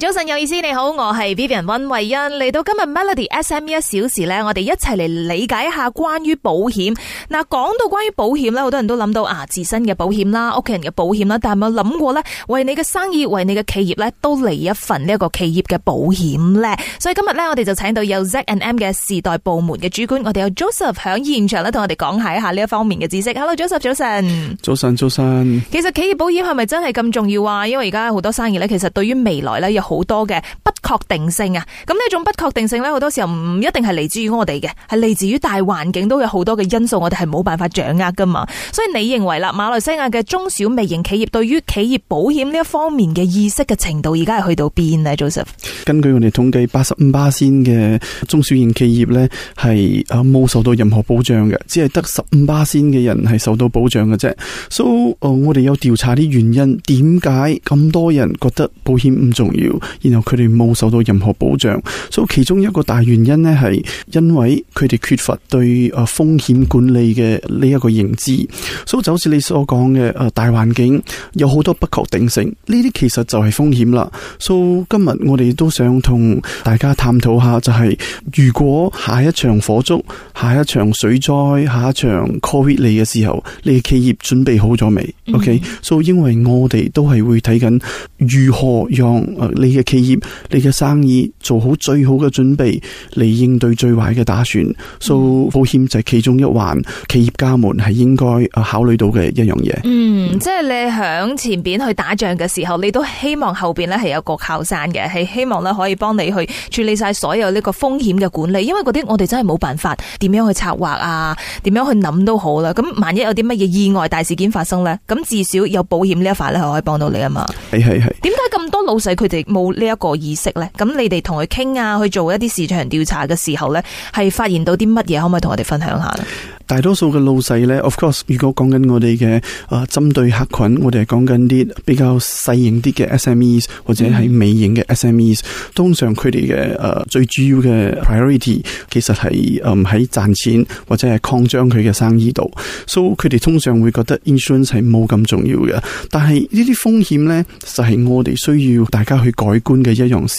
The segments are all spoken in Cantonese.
早晨，有意思，你好，我係 Vivian 溫慧欣，嚟到今日 Melody SME 一小時咧，我哋一齊嚟理解一下關於保險。嗱，講到關於保險咧，好多人都諗到啊，自身嘅保險啦，屋企人嘅保險啦，但係有冇諗過咧，為你嘅生意，為你嘅企業咧，都嚟一份呢一個企業嘅保險咧？所以今日咧，我哋就請到有 Z&M 嘅時代部門嘅主管，我哋有 Joseph 響現場咧，同我哋講下一下呢一方面嘅知識。Hello，Joseph，早晨，早晨，早晨。其實企業保險係咪真係咁重要啊？因為而家好多生意咧，其實對於未來咧。有好多嘅不確定性啊！咁呢種不確定性咧，好多時候唔一定係嚟自於我哋嘅，係嚟自於大環境都有好多嘅因素，我哋係冇辦法掌握噶嘛。所以你認為啦，馬來西亞嘅中小微型企業對於企業保險呢一方面嘅意識嘅程度，而家係去到邊咧？Joseph？根據我哋統計，八十五巴仙嘅中小型企業咧係啊冇受到任何保障嘅，只係得十五巴仙嘅人係受到保障嘅啫。So，呃，我哋有調查啲原因，點解咁多人覺得保險唔重要？然後佢哋冇受到任何保障，所以其中一個大原因呢，係因為佢哋缺乏對誒風險管理嘅呢一個認知，所以就好似你所講嘅誒大環境有好多不確定性，呢啲其實就係風險啦。所以今日我哋都想同大家探討下、就是，就係如果下一場火燭、下一場水災、下一場 COVID 嚟嘅時候，你嘅企業準備好咗未、嗯、？OK，所以因為我哋都係會睇緊如何讓你嘅企業、你嘅生意，做好最好嘅準備嚟應對最壞嘅打算。做、嗯、保險就係其中一環，企業家們係應該考慮到嘅一樣嘢。嗯，即係你響前邊去打仗嘅時候，你都希望後邊咧係有個靠山嘅，係希望咧可以幫你去處理晒所有呢個風險嘅管理。因為嗰啲我哋真係冇辦法點樣去策劃啊，點樣去諗都好啦。咁萬一有啲乜嘢意外大事件發生呢，咁至少有保險呢一塊咧係可以幫到你啊嘛。係係係。點解咁多老細佢哋冇呢一個意識咧，咁你哋同佢傾啊，去做一啲市場調查嘅時候咧，係發現到啲乜嘢？可唔可以同我哋分享下呢？大多數嘅老細咧，of course，如果講緊我哋嘅誒，針對客群，我哋係講緊啲比較細型啲嘅 SMEs 或者係微型嘅 SMEs，、嗯、通常佢哋嘅誒最主要嘅 priority 其實係誒喺賺錢或者係擴張佢嘅生意度，so 佢哋通常會覺得 insurance 係冇咁重要嘅，但係呢啲風險咧就係、是、我哋需要大家去。去改觀嘅一樣事，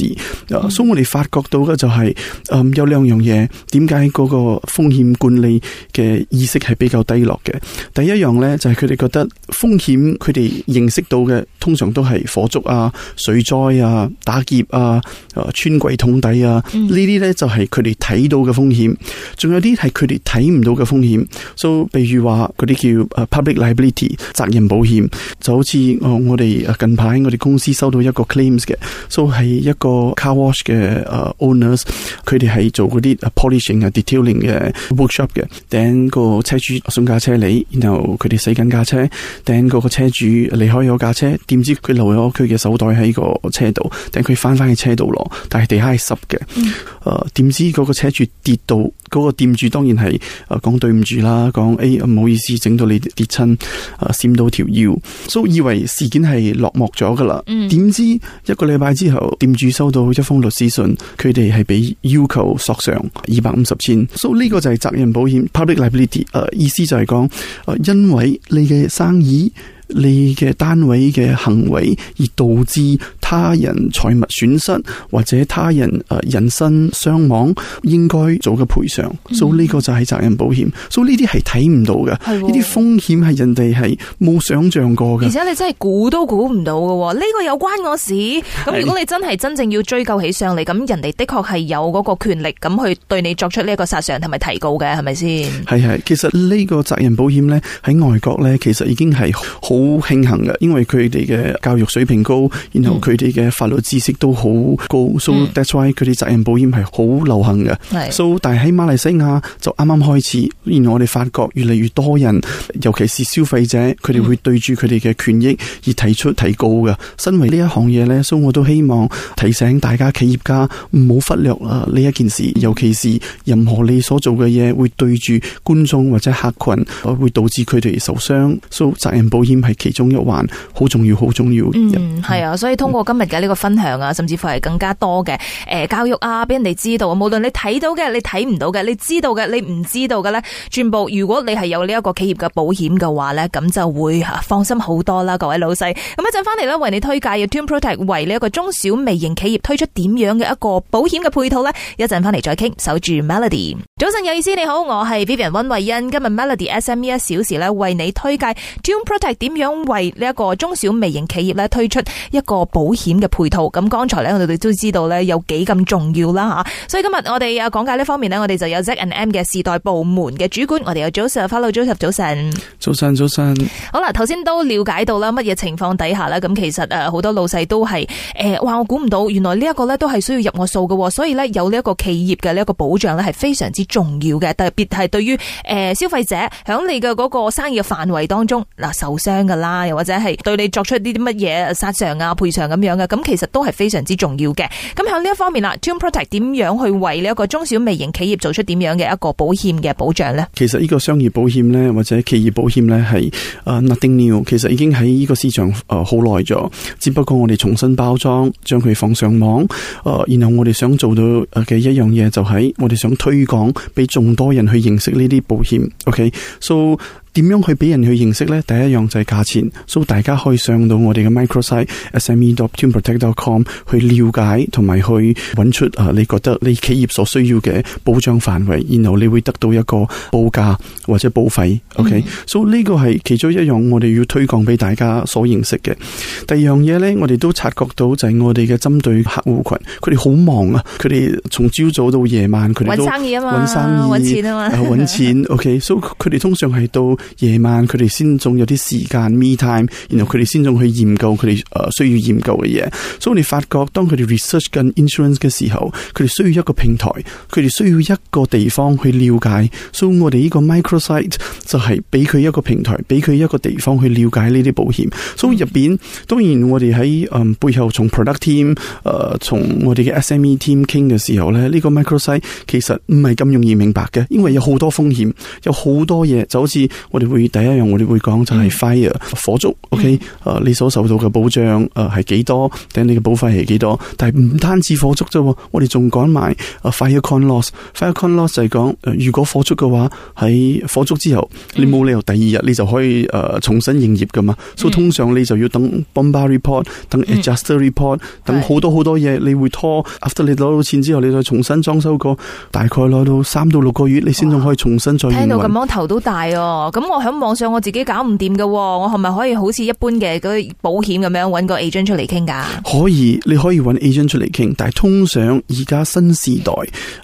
所以我哋發覺到嘅就係、是，誒、嗯、有兩樣嘢，點解個風險管理嘅意識係比較低落嘅？第一樣咧就係佢哋覺得風險，佢哋認識到嘅通常都係火燭啊、水災啊、打劫啊、誒、穿櫃桶底啊，呢啲咧就係佢哋睇到嘅風險。仲有啲係佢哋睇唔到嘅風險，所以譬如話嗰啲叫誒 public liability 責任保險，就好似我我哋近排我哋公司收到一個 claims 嘅。So 係一個 car wash 嘅誒 owners，佢哋係做嗰啲 polishing 啊、mm. detailing 嘅 workshop 嘅，等個車主送架車嚟，然後佢哋洗緊架車，等個車主離開咗架車，點知佢留咗佢嘅手袋喺個車度，等佢翻翻去車度攞，但係地下係濕嘅，誒點知嗰個車主跌到，嗰、嗰個店主當然係誒講對唔住啦，講誒唔好意思整到你跌親，誒閃到條腰，So 以為事件係落幕咗噶啦，點知一個。禮拜之後，店主收到一封律師信，佢哋係被要求索償二百五十千，所以呢個就係責任保險 （public liability），意思就係講，因為你嘅生意，你嘅單位嘅行為而導致他人財物損失或者他人誒、呃、人身傷亡應該，應該做嘅賠償，所以呢個就係責任保險。所以呢啲係睇唔到嘅，呢啲風險係人哋係冇想象過嘅。而且你真係估都估唔到嘅，呢、這個有關我事。咁如果你真係真正要追究起上嚟，咁人哋的確係有嗰個權力咁去對你作出呢一個殺傷同埋提告嘅，係咪先？係係，其實呢個責任保險呢，喺外國呢，其實已經係好。好慶幸嘅，因為佢哋嘅教育水平高，然後佢哋嘅法律知識都好高，嗯，so that's why 佢哋責任保險係好流行嘅。so 但係喺馬來西亞就啱啱開始，然後我哋發覺越嚟越多人，尤其是消費者，佢哋會對住佢哋嘅權益而提出提高嘅。身為呢一行嘢咧，so 我都希望提醒大家企業家唔好忽略啊呢一件事，尤其是任何你所做嘅嘢會對住觀眾或者客群，會導致佢哋受傷，so 責任保險，係其中一環，好重要，好重要。嗯，係啊，嗯，所以通過今日嘅呢個分享啊，甚至乎係更加多嘅，誒，教育啊，俾人哋知道啊。無論你睇到嘅，你睇唔到嘅，你知道嘅，你唔知道嘅咧，全部，如果你係有呢一個企業嘅保險嘅話咧，咁就會放心好多啦，各位老細。咁一陣翻嚟咧，為你推介嘅 Tune Protect 為呢一個中小微型企業推出點樣嘅一個保險嘅配套咧，一陣翻嚟再傾，守住 Melody。早晨，有意思，你好，我係 Vivian 溫慧欣，今日 Melody SME 一小時咧，為你推介 Tune Protect 點點樣為呢一個中小微型企業咧推出一個保險嘅配套，咁剛才咧我哋都知道咧有幾咁重要啦吓，所以今日我哋啊講解呢方面呢，我哋就有 Z and M 嘅時代部門嘅主管，我哋有 Joseph，Hello Joseph，早晨，早晨，早晨，好啦，頭先都了解到啦乜嘢情況底下咧，咁其實誒好多老細都係誒、欸，哇，我估唔到原來呢一個咧都係需要入我數嘅，所以咧有呢一個企業嘅呢一個保障咧係非常之重要嘅，特別係對於誒消費者響你嘅嗰個生意嘅範圍當中嗱受傷。噶啦，又或者係對你作出啲啲乜嘢殺償啊、賠償咁樣嘅，咁其實都係非常之重要嘅。咁喺呢一方面啦 Tune Protect 點樣去為呢一個中小微型企業做出點樣嘅一個保險嘅保障呢？其實呢個商業保險呢，或者企業保險呢，係 nothing new。其實已經喺呢個市場誒好耐咗，只不過我哋重新包裝，將佢放上網。誒，然後我哋想做到嘅一樣嘢就係，我哋想推廣俾眾多人去認識呢啲保險。OK，so、okay? 點樣去俾人去認識呢？第一樣就係價錢，所以大家可以上到我哋嘅 microsite SME dot tuneprotect dot com 去了解同埋去搵出啊，你覺得你企業所需要嘅保障範圍，然後你會得到一個報價或者保費。OK，所以呢個係其中一樣我哋要推廣俾大家所認識嘅。第二樣嘢呢，我哋都察覺到就係我哋嘅針對客戶群，佢哋好忙啊，佢哋從朝早到夜晚，佢哋都搵生意啊嘛，搵生意，搵錢啊嘛，搵、啊、錢。OK，所以佢哋通常係到。夜晚佢哋先仲有啲時間 me time，然後佢哋先仲去研究佢哋誒需要研究嘅嘢，所以我哋發覺當佢哋 research 緊 insurance 嘅時候，佢哋需要一個平台，佢哋需要一個地方去了解，所以我哋呢個 microsite 就係俾佢一個平台，俾佢一個地方去了解呢啲保險。所以入邊當然我哋喺、嗯、背後從 product team 誒、呃、從我哋嘅 SME team 傾嘅時候咧，呢、呢個 microsite 其實唔係咁容易明白嘅，因為有好多風險，有好多嘢就好似。我哋會第一樣，我哋會講就係 fire、嗯、火燭。OK，誒、嗯，你所受到嘅保障係幾多？等、嗯、你嘅保費係幾多？但係唔單止火燭啫，我哋仲講埋 fire con loss。fire con loss 就係講如果火燭嘅話，喺火燭之後，嗯、你冇理由第二日你就可以重新營業噶嘛、嗯。所以通常你就要等 bombard report、嗯、等 adjuster report、嗯、等好多好多嘢，你會拖。after 你攞到錢之後，你再重新裝修過，大概攞到三到六個月，你先仲可以重新再營業。聽到咁頭都大哦～咁我喺網上我自己搞唔掂嘅，我係咪可以好似一般嘅嗰啲保險咁樣揾個 agent 出嚟傾噶？可以，你可以揾 agent 出嚟傾，但係通常而家新時代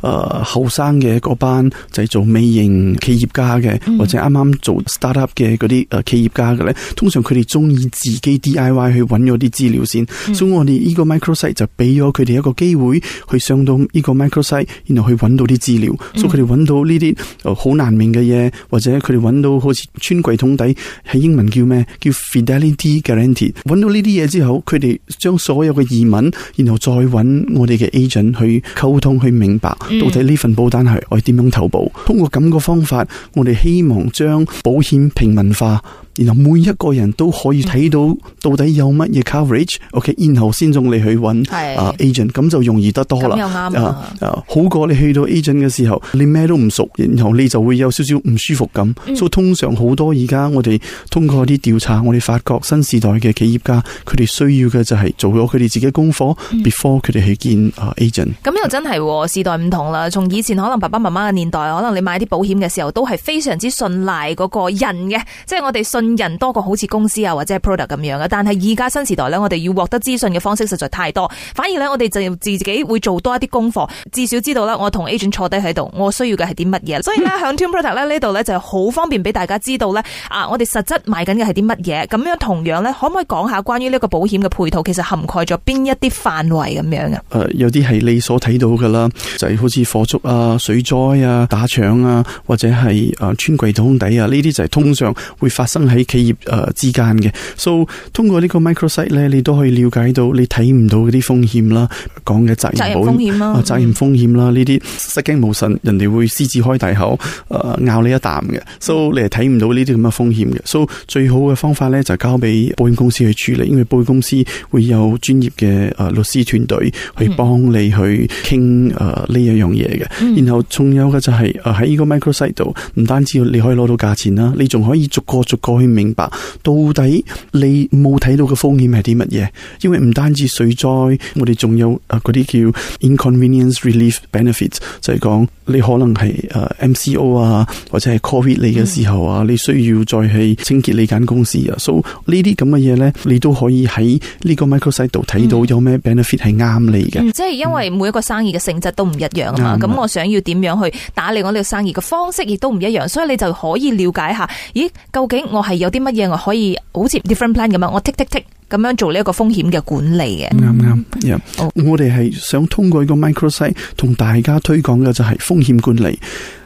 誒後生嘅嗰班就係做微型企業家嘅，或者啱啱做 startup 嘅嗰啲誒企業家嘅咧，嗯、通常佢哋中意自己 DIY 去揾嗰啲資料先，嗯、所以我哋呢個 microsite 就俾咗佢哋一個機會去上到呢個 microsite，然後去揾到啲資料，嗯、所以佢哋揾到呢啲好難明嘅嘢，或者佢哋揾到。好似穿櫃桶底，喺英文叫咩？叫 Fidelity Guarantee。揾到呢啲嘢之後，佢哋將所有嘅疑問，然後再揾我哋嘅 agent 去溝通，去明白、嗯、到底呢份保單係我點樣投保。通過咁個方法，我哋希望將保險平民化。然後每一個人都可以睇到到底有乜嘢 coverage，OK，、嗯 okay, 然後先用你去揾、uh, agent，咁就容易得多啦。又啱啊！好、uh, 過、uh, 你去到 agent 嘅時候，你咩都唔熟，然後你就會有少少唔舒服咁、嗯。所以通常好多而家我哋通過啲調查，我哋發覺新時代嘅企業家佢哋需要嘅就係做咗佢哋自己的功課、嗯、，before 佢哋去見啊、uh, agent、嗯。咁又真係、哦、時代唔同啦。從以前可能爸爸媽媽嘅年代，可能你買啲保險嘅時候都係非常之信賴嗰個人嘅，即係我哋信。人多過好似公司啊，或者係 product 咁樣嘅，但係而家新時代呢，我哋要獲得資訊嘅方式實在太多，反而呢，我哋就自己會做多一啲功課，至少知道呢，我同 agent 坐低喺度，我需要嘅係啲乜嘢。所以呢，響 Tune Protect 呢度呢，就好方便俾大家知道呢，啊，我哋實質賣緊嘅係啲乜嘢。咁樣同樣呢，可唔可以講下關於呢個保險嘅配套，其實涵蓋咗邊一啲範圍咁樣啊？有啲係你所睇到噶啦，就係、是、好似火燭啊、水災啊、打搶啊，或者係誒穿櫃桶底啊呢啲就係通常會發生喺企業誒之間嘅，所、so, 以通過呢個 microsite 咧，你都可以了解到你睇唔到啲風險啦，講嘅責任風險啦，責任風險啦呢啲失驚無神，人哋會獅子開大口誒咬你一啖嘅，所、so, 以你係睇唔到呢啲咁嘅風險嘅，所、so, 以最好嘅方法咧就係交俾保險公司去處理，因為保險公司會有專業嘅誒律師團隊去幫你去傾誒呢一樣嘢嘅，然後仲有嘅就係誒喺呢個 microsite 度，唔單止你可以攞到價錢啦，你仲可以逐個逐個。明白到底你冇睇到嘅風險係啲乜嘢？因為唔單止水災，我哋仲有啊啲叫 inconvenience relief benefits，就係講你可能係誒 MCO 啊，或者係 COVID 你嘅時候啊、嗯，你需要再去清潔你間公司啊，所以呢啲咁嘅嘢咧，你都可以喺呢個 microsite 度睇到有咩 benefit 係啱你嘅、嗯嗯。即係因為每一個生意嘅性質都唔一樣啊嘛。咁、嗯、我想要點樣去打理我哋嘅生意嘅方式亦都唔一樣，所以你就可以了解下，咦，究竟我係。有啲乜嘢我可以好似 different plan 咁樣，我 tick tick tick 咁樣做呢一個風險嘅管理嘅、嗯。啱、嗯、啱，嗯嗯 yeah. Oh. 我哋係想通過一個 microsite 同大家推廣嘅就係風險管理。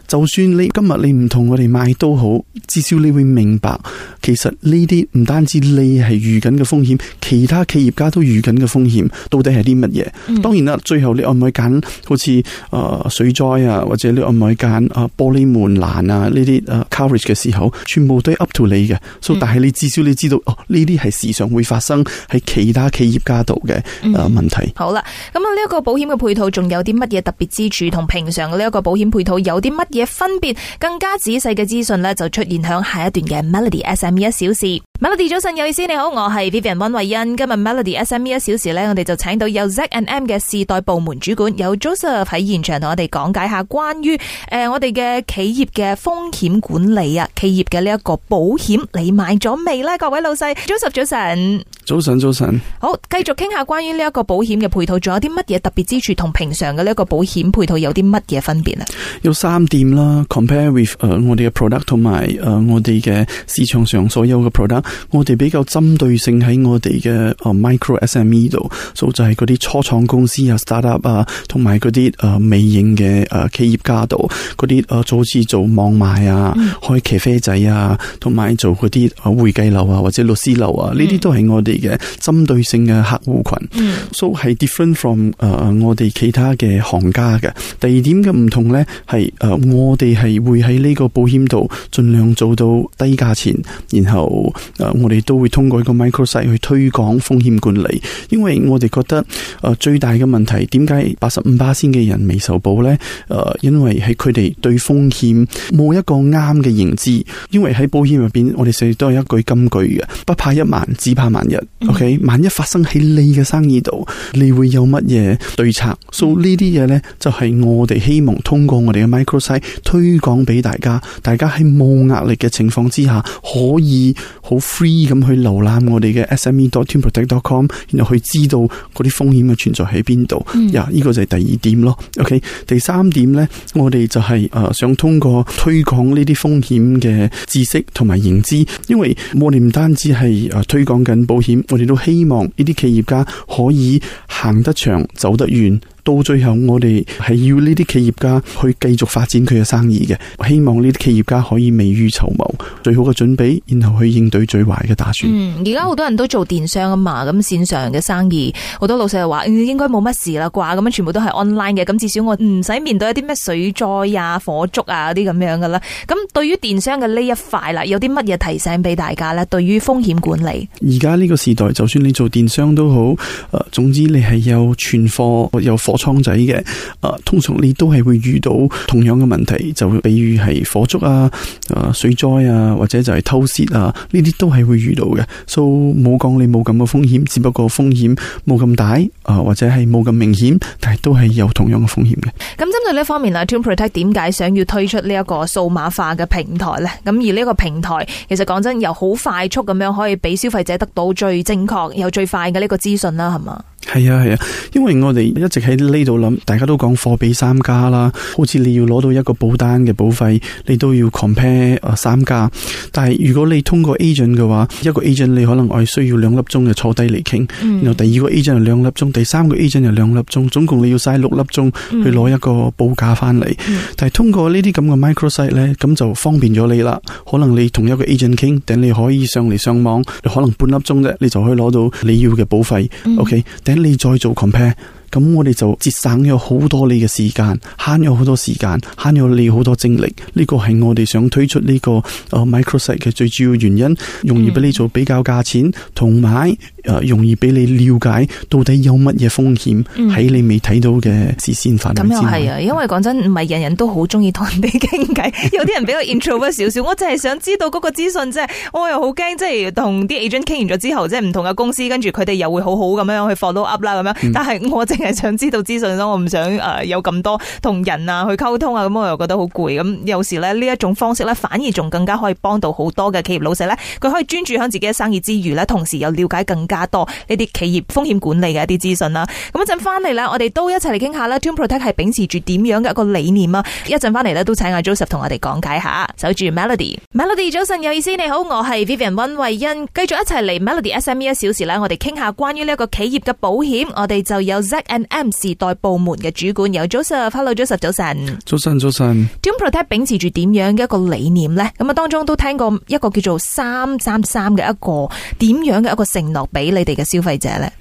就算你今日你唔同我哋買都好，至少你會明白，其實呢啲唔單止你係遇緊嘅風險。其他企業家都遇緊嘅風險，到底係啲乜嘢？嗯、當然啦，最後你可唔可以揀好似誒水災啊，或者你可唔可以揀誒玻璃門欄啊呢啲誒 coverage 嘅時候，全部都係 up to 你嘅。所、嗯、但係你至少你知道，哦，呢啲係時常會發生喺其他企業家度嘅誒問題。好啦，咁啊，呢一個保險嘅配套仲有啲乜嘢特別之處，同平常嘅呢一個保險配套有啲乜嘢分別？更加仔細嘅資訊呢，就出現喺下一段嘅 Melody SME 一小時。Melody 早晨，有意思你好，我係 Vivian 温慧欣。今日 Melody SME 一小時咧，我哋就請到有 Z and M 嘅事代部門主管，有 Joseph 喺現場同我哋講解下關於誒、呃、我哋嘅企業嘅風險管理啊，企業嘅呢一個保險你買咗未咧？各位老細，Joseph 早晨，早晨早晨。好，繼續傾下關於呢一個保險嘅配套，仲有啲乜嘢特別之處同平常嘅呢一個保險配套有啲乜嘢分別啊？有三點啦，compare with 誒我哋嘅 product 同埋誒我哋嘅市場上所有嘅 product，我哋比較針對性喺我哋嘅 micro SME 度，so 就係啲初創公司啊 startup 啊，同埋啲誒美影嘅誒企業家度，啲誒做住做網賣啊、嗯，開咖啡仔啊，同埋做啲誒會計樓啊或者律師樓啊，呢、嗯、啲都係我哋嘅針對性嘅客戶群。so 係 different from 誒、uh, 我哋其他嘅行家嘅。第二點嘅唔同咧係誒我哋係會喺呢個保險度盡量做到低價錢，然後誒、uh, 我哋都會通過一個 micro site 去推。講風險管理，因為我哋覺得誒、呃、最大嘅問題，點解八十五巴仙嘅人未受保咧？誒、呃，因為喺佢哋對風險冇一個啱嘅認知。因為喺保險入邊，我哋成日都有一句金句嘅，不怕一萬，只怕萬一。OK，嗯、萬一發生喺你嘅生意度，你會有乜嘢對策？So, 呢啲嘢咧，就係、是、我哋希望通過我哋嘅 Microsite 推廣俾大家，大家喺冇壓力嘅情況之下，可以好 free 咁去瀏覽我哋嘅 SME dot。Tune Protect.com 然後去知道嗰啲風險嘅存在喺邊度。呀、嗯、呢、這個就係第二點咯。OK，第三點咧，我哋就係誒，想通過推廣呢啲風險嘅知識同埋認知，因為我哋唔單止係誒推廣緊保險，我哋都希望呢啲企業家可以行得長走得遠。到最後我哋係要呢啲企業家去繼續發展佢嘅生意嘅，希望呢啲企業家可以未雨綢繆，最好嘅準備，然後去應對最壞嘅打算。嗯，而家好多人都做電商啊嘛，咁線上嘅生意，好多老細就話、嗯、應該冇乜事啦，掛咁樣全部都係 online 嘅，咁至少我唔使面對一啲咩水災啊、火燭啊啲咁樣噶啦。咁對於電商嘅呢一塊啦，有啲乜嘢提醒俾大家咧？對於風險管理，而家呢個時代，就算你做電商都好，誒，總之你係有存貨有火倉仔嘅。誒，通常你都係會遇到同樣嘅問題，就會比如係火燭啊、誒水災啊，或者就係偷竊啊，呢啲都係會遇到嘅。So，冇講你冇咁嘅風險，只不過風險冇咁大，誒，或者係冇咁明顯，但係都係有同樣嘅風險嘅。咁針對呢方面啦，Tune Protect 點解想要推出呢一個數碼化嘅平台呢？咁而呢個平台，其實講真，又好快速咁樣可以俾消費者得到最正確又最快嘅呢個資訊啦，係嘛？係啊係啊，因為我哋一直喺呢度諗，大家都講貨比三家啦。好似你要攞到一個保單嘅保費，你都要 compare 三家。但係如果你通過 agent 嘅話，一個 agent 你可能我需要兩粒鐘就坐低嚟傾，然後第二個 agent 係兩粒鐘，第三個 agent 係兩粒鐘，總共你要嘥六粒鐘去攞一個報價翻嚟。但係通過呢啲咁嘅 microsite 咧，咁就方便咗你啦。可能你同一個 agent 傾，等你可以上嚟上網，你可能半粒鐘啫，你就可以攞到你要嘅保費。O、嗯、K。Okay? 你再做 compare，咁我哋就節省咗好多你嘅時間，慳咗好多時間，慳咗你好多精力。呢個係我哋想推出呢個誒 Microsoft 嘅最主要原因，容易俾你做比較價錢同埋。容易俾你了解到底有乜嘢風險喺你未睇到嘅視線範圍之內。咁又係啊，因為講真唔係人人都好中意同人哋傾偈，嗯、 有啲人比較 introvert 少，少少。我淨係想知道嗰個資訊，即係我又好驚，即係同啲 agent 傾完咗之後，即係唔同嘅公司跟住佢哋又會好好咁樣去 follow up 啦咁樣。但係我淨係想知道資訊咯，我唔想誒，有咁多同人啊去溝通啊，咁我又覺得好攰。咁有時咧呢一種方式咧，反而仲更加可以幫到好多嘅企業老細咧，佢可以專注喺自己嘅生意之餘咧，同時又了解更加。多呢啲企業風險管理嘅一啲資訊啦，咁一陣翻嚟咧，我哋都一齊嚟傾下啦。Tune Protect 係秉持住點樣嘅一個理念啊？一陣翻嚟咧，都請阿 Joseph 同我哋講解下。守住 Melody，Melody 早晨有意思，你好，我係 Vivian 溫慧欣，繼續一齊嚟 Melody SME 一小時啦。我哋傾下關於呢一個企業嘅保險，我哋就有 Z&M 時代部門嘅主管，有 Joseph，Hello Joseph，早晨，早晨，早晨。Tune Protect 秉持住點樣嘅一個理念咧？咁啊，當中都聽過一個叫做三三三嘅一個點樣嘅一個承諾俾。俾你哋嘅消費者咧，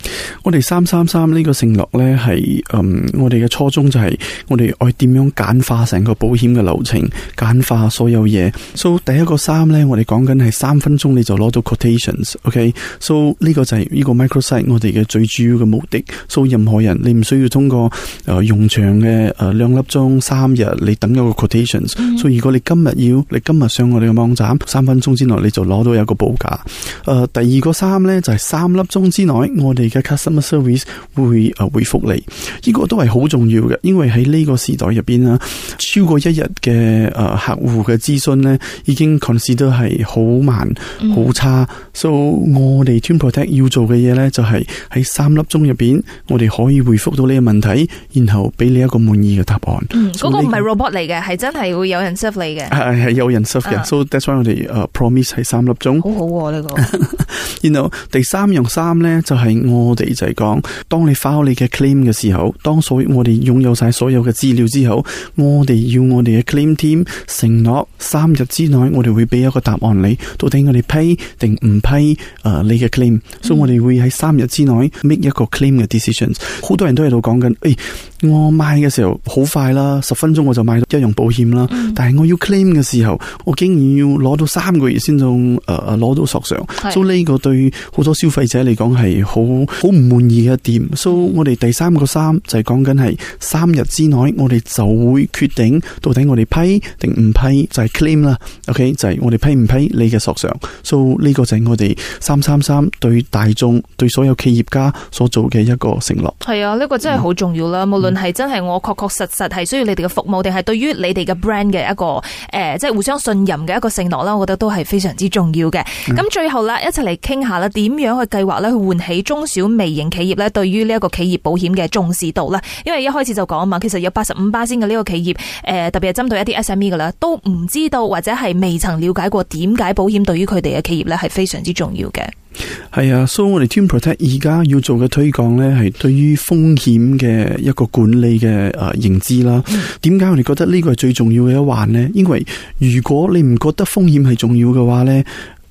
我哋三三三呢個承諾呢，係，嗯，我哋嘅初衷就係我哋愛點樣簡化成個保險嘅流程，簡化所有嘢。So 第一個三呢，我哋講緊係三分鐘你就攞到 quotations。OK，so、okay? 呢個就係呢個 microsite 我哋嘅最主要嘅目的。So 任何人你唔需要通過誒用長嘅誒兩粒鐘三日你等一個 quotations。所、so, 以如果你今日要你今日上我哋嘅網站，三分鐘之內你就攞到有一個報價。誒、uh,，第二個三呢，就係三。三粒鐘之內，我哋嘅 customer service 會誒回覆你，呢、這個都係好重要嘅，因為喺呢個時代入邊啦，超過一日嘅誒客戶嘅諮詢咧，已經 consider 係好慢、好差，So，、嗯、我哋 Tune Protect 要做嘅嘢咧，就係喺三粒鐘入邊，我哋可以回覆到呢個問題，然後俾你一個滿意嘅答案。嗰、嗯這個唔係、嗯那個、robot 嚟嘅，係真係會有人 serve 你嘅。係係有人 serve 嘅。啊、so that's why 我哋誒 promise 喺三粒鐘。好好呢、啊這個。然 後 you know, 第三。三呢，就係我哋就係講，當你 file 你嘅 claim 嘅時候，當所我哋擁有晒所有嘅資料之後，我哋要我哋嘅 claim team 承諾三日之內，我哋會俾一個答案你，到底我哋批定唔批誒你嘅 claim。嗯。所以我哋會喺三日之內 make 一個 claim 嘅 decisions。好多人都喺度講緊誒。哎我買嘅時候好快啦，十分鐘我就買到一樣保險啦。嗯、但係我要 claim 嘅時候，我竟然要攞到三個月先仲誒攞到索償。所以呢個對好多消費者嚟講係好好唔滿意嘅一點。嗯、所以，我哋第三個三就係講緊係三日之內，我哋就會決定到底我哋批定唔批，就係、是、claim 啦。OK，就係我哋批唔批你嘅索償。所以呢個就係我哋三三三對大眾對所有企業家所做嘅一個承諾。係啊，呢、呢個真係好重要啦。嗯無論無論係真係我確確實實係需要你哋嘅服務，定係對於你哋嘅 brand 嘅一個誒、呃，即係互相信任嘅一個承諾啦，我覺得都係非常之重要嘅。咁、嗯、最後啦，一齊嚟傾下啦，點樣去計劃咧去喚起中小微型企業咧對於呢一個企業保險嘅重視度啦？因為一開始就講啊嘛，其實有八十五巴仙嘅呢個企業誒、呃，特別係針對一啲 SME 嘅啦，都唔知道或者係未曾了解過點解保險對於佢哋嘅企業咧係非常之重要嘅。係啊，所以我哋 Tune Protect 而家要做嘅推廣呢，係對於風險嘅一個管理嘅誒認知啦。嗯、點解我哋覺得呢個係最重要嘅一環呢？因為如果你唔覺得風險係重要嘅話呢。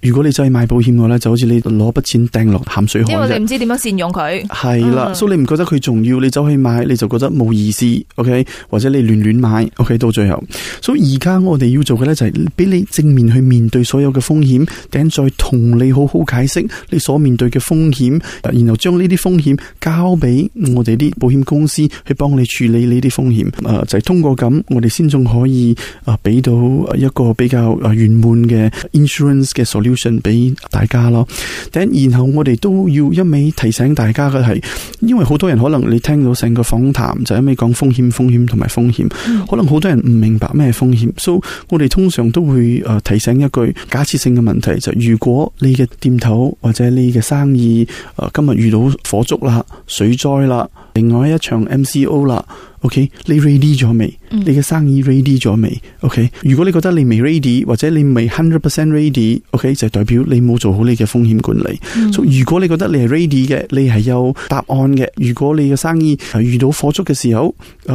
如果你就去買保險嘅咧，就好似你攞筆錢掟落鹹水河，因為我哋唔知點樣善用佢。係啦、嗯，所以你唔覺得佢重要，你走去買你就覺得冇意思，OK？或者你亂亂買，OK？到最後，所以而家我哋要做嘅咧就係俾你正面去面對所有嘅風險，然再同你好好解釋你所面對嘅風險，然後將呢啲風險交俾我哋啲保險公司去幫你處理呢啲風險。誒，就係、是、通過咁，我哋先仲可以誒俾到一個比較誒圓滿嘅 insurance 嘅 solution。信俾大家咯，然後我哋都要一味提醒大家嘅係，因為好多人可能你聽到成個訪談就一味講風險、風險同埋風險，風險、風險嗯、可能好多人唔明白咩風險，所以我哋通常都會誒提醒一句假設性嘅問題，就是，就如果你嘅店頭或者你嘅生意誒今日遇到火燭啦、水災啦。另外一場 MCO 啦，OK，你 ready 咗未？你嘅生意 ready 咗未？OK，如果你覺得你未 ready 或者你未 hundred percent ready，OK，就代表你冇做好你嘅風險管理。嗯。所以如果你覺得你係 ready 嘅，你係有答案嘅。如果你嘅生意遇到火燭嘅時候，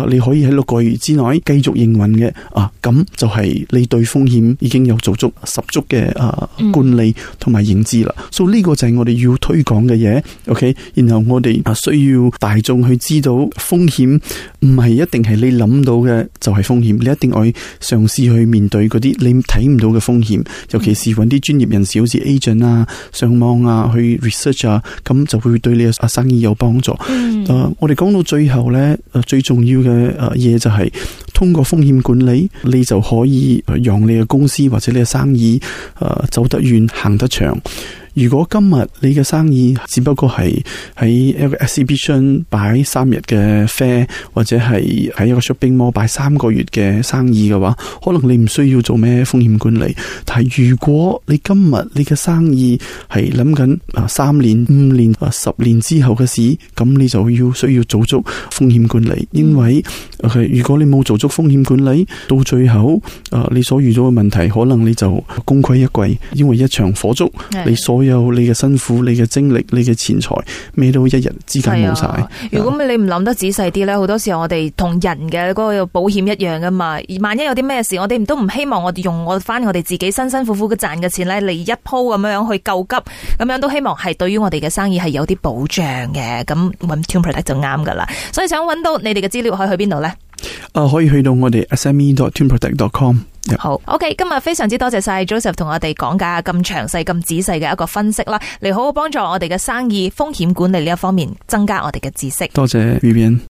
你可以喺六個月之內繼續營運嘅，啊，咁就係你對風險已經有做足十足嘅啊管理同埋認知啦。所以呢個就係我哋要推廣嘅嘢，OK。然後我哋啊需要大眾。你會知道風險唔係一定係你諗到嘅就係風險，你一定會去嘗試去面對嗰啲你睇唔到嘅風險，尤其是揾啲專業人士好似 agent 啊、上網啊去 research 啊，咁就會對你嘅生意有幫助。嗯 uh，我哋講到最後呢，最重要嘅嘢、啊、就係、是、通過風險管理，你就可以讓你嘅公司或者你嘅生意誒、啊、走得遠，行得長。如果今日你嘅生意只不過係喺一個 exhibition 擺三日嘅 fair，或者係喺一個 shopping mall 擺三個月嘅生意嘅話，可能你唔需要做咩風險管理。但係如果你今日你嘅生意係諗緊啊三年、五年、啊十年之後嘅事，咁你就要需要做足風險管理。因為如果你冇做足風險管理，到最後，你所遇到嘅問題，可能你就功虧一簣。因為一場火燭，你所都有你嘅辛苦、你嘅精力、你嘅錢財，咩都一日之間冇晒。如果、啊 so、你唔諗得仔細啲咧，好多時候我哋同人嘅個保險一樣噶嘛。萬一有啲咩事，我哋都唔希望我哋用我翻我哋自己辛辛苦苦嘅賺嘅錢咧嚟一鋪咁樣去救急。咁樣都希望係對於我哋嘅生意係有啲保障嘅。咁搵 Tune Protect 就啱噶啦。所以想搵到你哋嘅資料可以去邊度咧？可以去到我哋 sme.tuneprotect.com Yep. 好，OK，今日非常之多謝晒 Joseph 同我哋講解咁詳細、咁仔細嘅一個分析啦，嚟好好幫助我哋嘅生意、風險管理呢一方面，增加我哋嘅知識。多謝 Vivian。